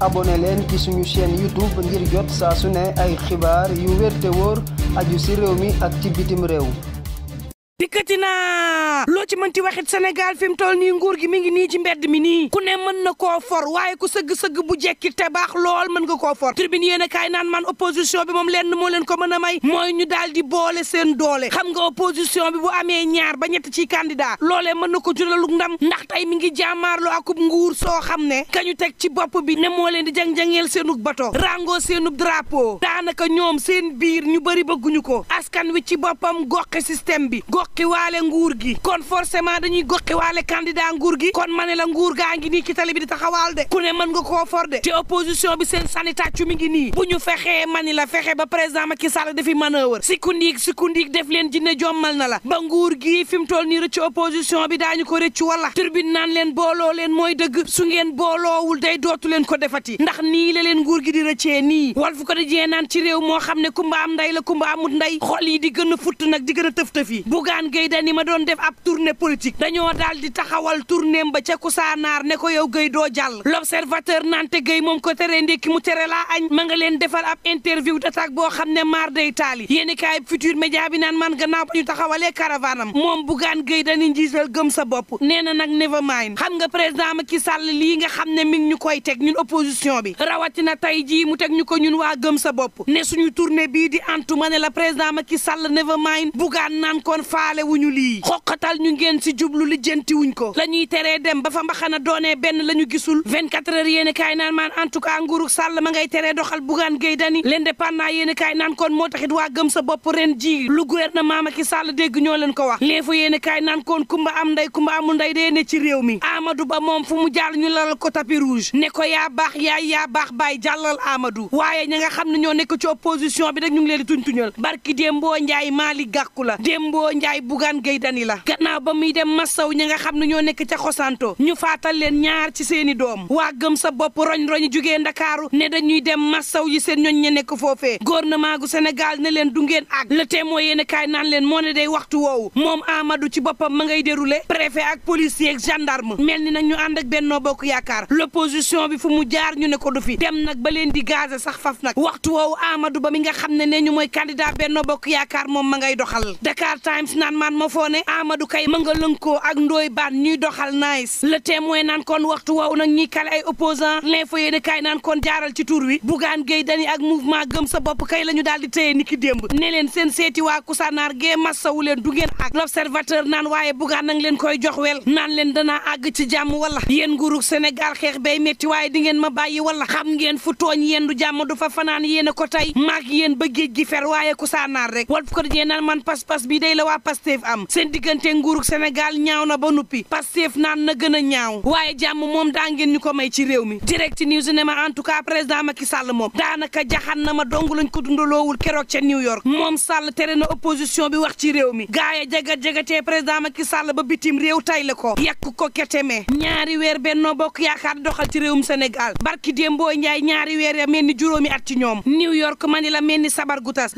abone leen ki suñu chaîne YouTube ngir jot saa su ne ay xibaar yu wér te wóor aju ci réew mi ak ci bitim réew dikkati naa loo ci mënti waxit senegal fi mu toll nii nguur gi mi ngi nii ci mbedd mi nii ku ne mën na koo for waaye ku sëgg-sëgg bu jekki te baax lool mën nga koo for tribune yéen a naan man opposition bi moom lenn moo leen ko mën a may mooy ñu daal boole seen doole xam nga opposition bi bu amee ñaar ba ñett ci candidat loole mën na ko juralug ndam ndax tey mi ngi jaamaarloo akub nguur soo xam ne kañu teg ci bopp bi ne moo leen di jang-jangeel seenug bato rango seenub drapeau daanaka ñoom seen biir ñu bëri bëgguñu ko askan wi ci boppam goxe système bi goqiwaale nguur gi kon forcément dañuy goqiwaale candidat nguur gi kon ma ne la nguur gaa ngi nii ci tali bi di taxawaal de ku ne mën nga koo for de te opposition bi seen sanitàccu mi ngi nii bu ñu fexee mani la fexe ba président Macky Sall dafi manœuvre sikundiig sikundiig def leen jinne jommal na la ba nguur gi fi mu toll nii rëcc opposition bi daañu ko rëcc wala turbine naan leen booloo leen mooy dëgg su ngeen booloowul day dootu leen ko defati ndax nii la leen nguur gi di rëccee nii wal fu ko di jee naan ci réew moo xam ne kumba am nday la kumba amut nday xol yi di gën a nag di gën a tëf-tëf Bougane ma doon def ab tournée politique dañoo daal di taxawal tournéem ba ca Kousanaar ne ko yow Gueye doo jàll l'observateur nante Gueye moom ko tere ndékki mu tere laa añ ma nga leen defal ab interview d'attaque boo xam ne maar day taali yéeni kaay futur média bi naan man gannaaw ba ñu taxawalee caravane am moom Bougane Gueye Dany njiital gëm sa bopp nee na nag never mind xam nga président Macky Sall lii nga xam ne mi ngi ñu koy teg ñun opposition bi rawatina tey jii mu teg ñu ko ñun waa gëm sa bopp ne suñu tournée bii di antu ma ne la président Macky Sall never mind Bougane naan faale wuñu lii xoqatal ñu ngeen si jublu lijjanti wuñ ko la ñuy teree dem ba fa mbaxana doonee benn la ñu gisul 24 heures yéen kaay naan maan en tout cas nguurug sàll ma ngay teree doxal bugaan géy dani l'indépendant yéen kaay naan kon moo taxit waa gëm sa bopp ren ji lu gouvernement Macky Sall dégg ñoo leen ko wax léefo yéen kaay naan kumba am nday kumba amul nday dee ne ci réew mi Amadou Ba moom fu mu jaar ñu laral ko tapis rouge ne ko yaa baax yaay yaa baax baay jàllal amadu waaye ña nga xam ne ñoo nekk ci opposition bi rek ñu ngi leen di tuñ tuñal barki Dembo Ndiaye Mali gàkku la Dembo Ndiaye bàyyi Bougane Gueye Dany la gannaaw ba muy dem massaw ñi nga xam ne ñoo nekk ca xosanto ñu faatal leen ñaar ci seeni doom waa gëm sa bopp roñ-roñ jugee ndakaaru ne dañuy dem massaw yi seen ñoñ ña nekk foofee gouvernement gu senegal ne leen du ngeen ak le témoin yéen kaay naan leen moo ne day waxtu woowu moom Amadou ci boppam ma ngay déroulé préfet ak policier ak gendarme mel ni nag ñu ànd ak Benno Bokk Yaakaar l'opposition bi fu mu jaar ñu ne ko du fi dem nag ba leen di gaze sax faf nag waxtu woowu Amadou ba mi nga xam ne ne ñu mooy candidat Benno Bokk Yaakaar moom ma ngay doxal Dakar naan maan ma foo ne Amadou Kay ma nga lënkoo ak Ndoye Bane ñuy doxal nice le témoin naan kon waxtu waaw nag ñuy kale ay opposant l'info yéene kaay naan kon jaaral ci tur wi Bougane Gueye Dany ak mouvement gëm sa bopp kay la ñu daal di téye niki démb ne leen seen seeti waa Koussanar gee massawu leen du ngeen ak l'observateur naan waaye Bougane nag leen koy jox wel naan leen danaa àgg ci jàmm wala yéen nguurug xeex bay metti waaye di ngeen ma bàyyi wala xam ngeen fu tooñ yéen du jàmm fa fanaan yéen ko tey maag yéen ba géej gi Pastef am seen diggante nguurug Sénégal ñaaw na ba nuppi Pastef naan na gën a ñaaw waaye jàmm moom daa ngeen ñu ko may ci réew mi direct news ne ma en tout cas président Macky Sall moom daanaka jaxan na ma dong lañ ko dundaloowul keroog ca New York moom Sall tere na opposition bi wax ci réew mi gaay a jagat jagatee président Macky Sall ba bitim réew tay la ko yakk ko keteme ñaari weer Benno Bokk Yaakaar doxal ci réewum Sénégal barki Dembo Ndiaye ñaari weer ya mel ni juróomi at ci ñoom New ma la mel ni sabar gu tas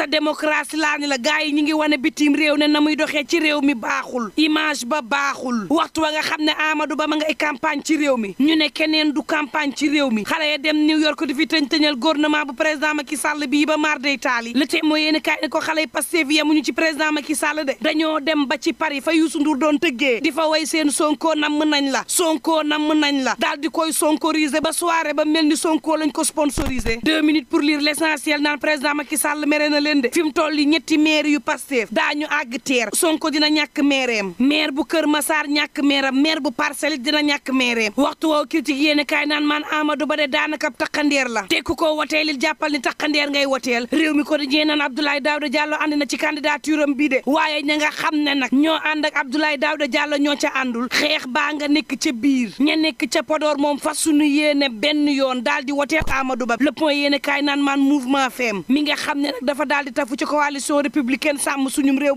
sa démocratie laa ni la gars ñi ngi wane bitim réew ne na muy doxee ci réew mi baaxul image ba baaxul waxtu wa nga xam ne Amadou Ba ma ngay campagne ci réew mi ñu ne keneen du campagne ci réew mi xale ya dem New York di fi tëñ bu président Macky Sall bii ba mar taali le tey mooy yéen kaay ko xale yi Pastef yemuñu ci président Macky Sall de dañoo dem ba ci Paris fa Youssou Ndour doon tëggee di fa seen Sonko namm nañ la Sonko namm nañ la daal di koy sonkorisé Sonko leen de fi mu toll yi ñetti maire yu Pastef daañu àgg teer Sonko dina ñàkk meereem maire bu Kër Massar ñàkk meeram maire bu Parcelles dina ñàkk meereem waxtu woo critique yéen kaay naan maan Amadou Ba de daanaka takkandeer la te ku ko woteelil jàppal ni takkandeer ngay woteel réew mi ko di jee naan Abdoulaye Daouda Diallo ànd na ci candidature am bii de waaye ña nga xam ne nag ñoo ànd ak Abdoulaye Daouda Diallo ñoo ca àndul xeex baa nga nekk ca biir ña nekk ca Podor moom fas suñu yéene benn yoon daal di woteel Amadou Ba le point yéen naan maan mouvement feem mi nga xam ne nag dafa daal daal di tafu ci coalition républicaine sàmm suñum na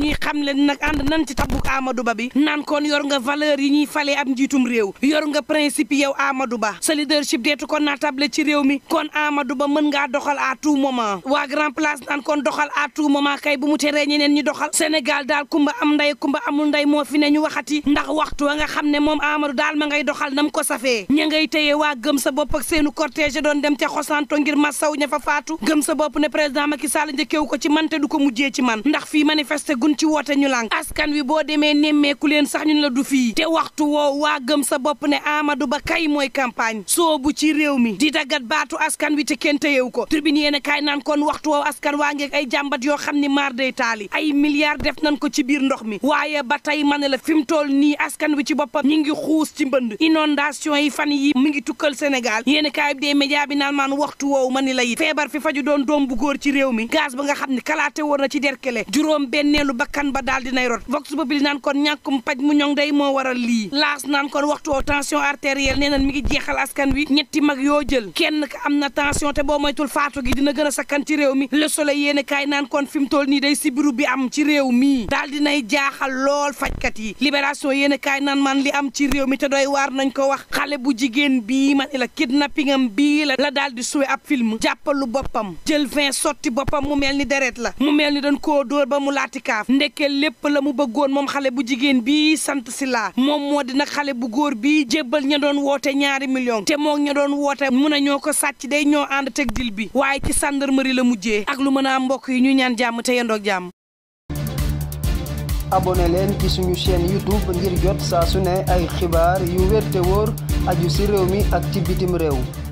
ñuy xam leen nag ànd nan ci tabuk Amadou Ba bi naan kon yor nga valeur yi ñuy falee ab njiitum réew yor nga principe yow Amadou Ba sa leadership deetu kon naa table ci réew mi kon Amadou Ba mën ngaa doxal a tout moment waa grand place naan kon doxal à tout moment kay bu mu teree ñeneen ñi doxal Sénégal daal kumba am nday kumba amul nday moo fi ne ñu waxati ndax waxtu wa nga xam ne moom Amadou daal ma ngay doxal nam ko safee ña ngay téye waa gëm sa bopp ak seenu cortège doon dem ca xosanto ngir massaw ña fa faatu gëm sa bopp jàpp ne président Macky Sall njëkkewu ko ci man te du ko mujjee ci man ndax fii manifester gun ci woote ñu lànk askan wi boo demee nemmeeku leen sax ñun la du fii te waxtu woo waa gëm sa bopp ne Amadou Ba kay mooy campagne soobu ci réew mi di daggat baatu askan wi te kenn téyewu ko tribune yéen kaay naan kon waxtu woo askan waa ngeeg ay jàmbat yoo xam ni maar day taali ay milliards def nañ ko ci biir ndox mi waaye ba tey ma ne la fi mu toll nii askan wi ci boppam ñu ngi xuus ci mbënd inondation yi fan yi mi ngi tukkal Sénégal yéen a kaay bi dee média bi waxtu woowu ma ni la feebar fi faju doon doom doom bu góor ci réew mi gaz ba nga xam ne kalaate woon na ci derkele juróom benneelu bakkan ba daal dinay rot vox populi naan kon ñàkkum paj mu ñoŋ day moo waral lii laas naan kon waxtu woo tension artérielle ne nan mi ngi jeexal askan wi ñetti mag yoo jël kenn ka am na tension te boo moytul faatu gi dina gën a sakkan ci réew mi le soleil yéen kaay naan kon fi mu toll nii day sibiru bi am ci réew mi daal nay jaaxal lool fajkat yi libération yéen kaay naan man li am ci réew mi te doy waar nañ ko wax xale bu jigéen bii man la kidnapping am bii la la daal di suwe ab film jàppalu boppam jël vin sotti boppam mu mel ni deret la mu mel ni dañ koo dóor ba mu laati kaaf ndekkee lépp la mu bëggoon moom xale bu jigéen bii sant si laa moom moo di nag xale bu góor bi jébbal ña doon woote ñaari million te moom ña doon woote mun a ñoo ko sàcc day ñoo ànd teg dil bi waaye ci gendarmerie la mujjee ak lu mën a mbokk yi ñu ñaan jàmm te yendoog jàmm abonné leen ci suñu chaîne youtube ngir jot saa su ne ay xibaar yu wér te wóor aju ci réew mi ak ci bitim réew